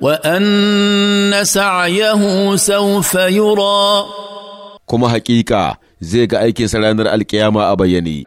وأن سعيه سوف يرى كما حقيقة زيك أيكي سرانر القيامة أبيني